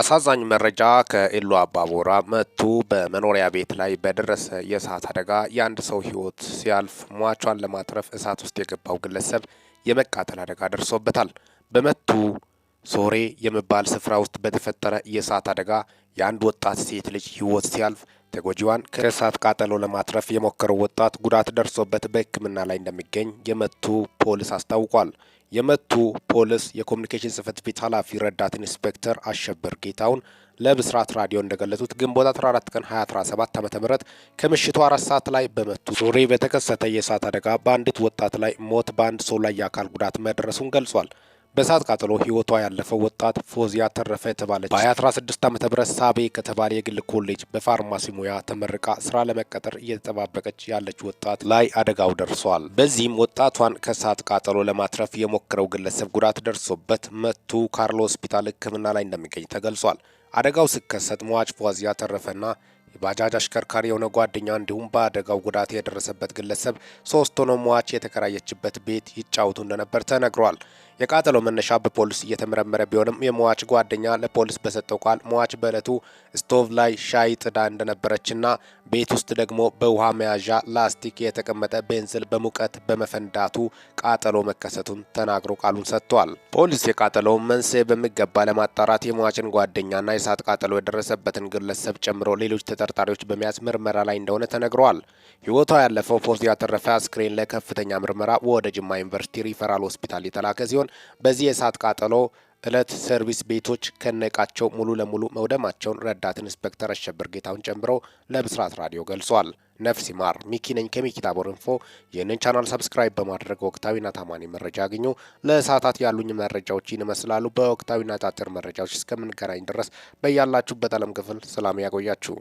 አሳዛኝ መረጃ ከኤሎ አባቦራ መቱ በመኖሪያ ቤት ላይ በደረሰ የእሳት አደጋ የአንድ ሰው ህይወት ሲያልፍ ሟቿን ለማትረፍ እሳት ውስጥ የገባው ግለሰብ የመቃጠል አደጋ ደርሶበታል። በመቱ ሶሬ የሚባል ስፍራ ውስጥ በተፈጠረ የእሳት አደጋ የአንድ ወጣት ሴት ልጅ ህይወት ሲያልፍ ተጎጂዋን ከእሳት ቃጠሎ ለማትረፍ የሞከረው ወጣት ጉዳት ደርሶበት በሕክምና ላይ እንደሚገኝ የመቱ ፖሊስ አስታውቋል። የመቱ ፖሊስ የኮሚኒኬሽን ጽህፈት ቤት ኃላፊ ረዳት ኢንስፔክተር አሸብር ጌታውን ለብስራት ራዲዮ እንደገለጹት ግንቦት 14 ቀን 2017 ዓ.ም ከምሽቱ አራት ሰዓት ላይ በመቱ ሶሬ በተከሰተ የእሳት አደጋ በአንዲት ወጣት ላይ ሞት በአንድ ሰው ላይ የአካል ጉዳት መድረሱን ገልጿል። በእሳት ቃጠሎ ህይወቷ ያለፈው ወጣት ፎዚያ ተረፈ የተባለች በ2016 ዓ ም ሳቤ ከተባለ የግል ኮሌጅ በፋርማሲ ሙያ ተመርቃ ስራ ለመቀጠር እየተጠባበቀች ያለች ወጣት ላይ አደጋው ደርሷል። በዚህም ወጣቷን ከእሳት ቃጠሎ ለማትረፍ የሞከረው ግለሰብ ጉዳት ደርሶበት መቱ ካርሎ ሆስፒታል ህክምና ላይ እንደሚገኝ ተገልጿል። አደጋው ሲከሰት ሟች ፎዚያ ተረፈና የባጃጅ አሽከርካሪ የሆነ ጓደኛ እንዲሁም በአደጋው ጉዳት የደረሰበት ግለሰብ ሶስት ሆኖ ሟች የተከራየችበት ቤት ይጫወቱ እንደነበር ተነግሯል። የቃጠሎ መነሻ በፖሊስ እየተመረመረ ቢሆንም የሟች ጓደኛ ለፖሊስ በሰጠው ቃል ሟች በእለቱ ስቶቭ ላይ ሻይ ጥዳ እንደነበረችና ቤት ውስጥ ደግሞ በውሃ መያዣ ላስቲክ የተቀመጠ ቤንዝል በሙቀት በመፈንዳቱ ቃጠሎ መከሰቱን ተናግሮ ቃሉን ሰጥቷል። ፖሊስ የቃጠሎውን መንስኤ በሚገባ ለማጣራት የሟችን ጓደኛና የእሳት ቃጠሎ የደረሰበትን ግለሰብ ጨምሮ ሌሎች ተጠርጣሪዎች በመያዝ ምርመራ ላይ እንደሆነ ተነግረዋል። ህይወቷ ያለፈው ፖስት ያተረፈ አስክሬን ለከፍተኛ ምርመራ ወደ ጅማ ዩኒቨርሲቲ ሪፈራል ሆስፒታል የተላከ ሲሆን ሲሆን በዚህ የእሳት ቃጠሎ እለት ሰርቪስ ቤቶች ከነቃቸው ሙሉ ለሙሉ መውደማቸውን ረዳት ኢንስፔክተር አሸብር ጌታውን ጨምሮ ለብስራት ራዲዮ ገልጿል። ነፍስ ይማር። ሚኪ ነኝ ከሚኪ ታቦር ኢንፎ። ይህንን ቻናል ሰብስክራይብ በማድረግ ወቅታዊና ታማኒ መረጃ ያግኙ። ለእሳታት ያሉኝ መረጃዎች ይህን ይመስላሉ። በወቅታዊና አጫጭር መረጃዎች እስከምንገናኝ ድረስ በያላችሁበት ዓለም ክፍል ሰላም ያቆያችሁ።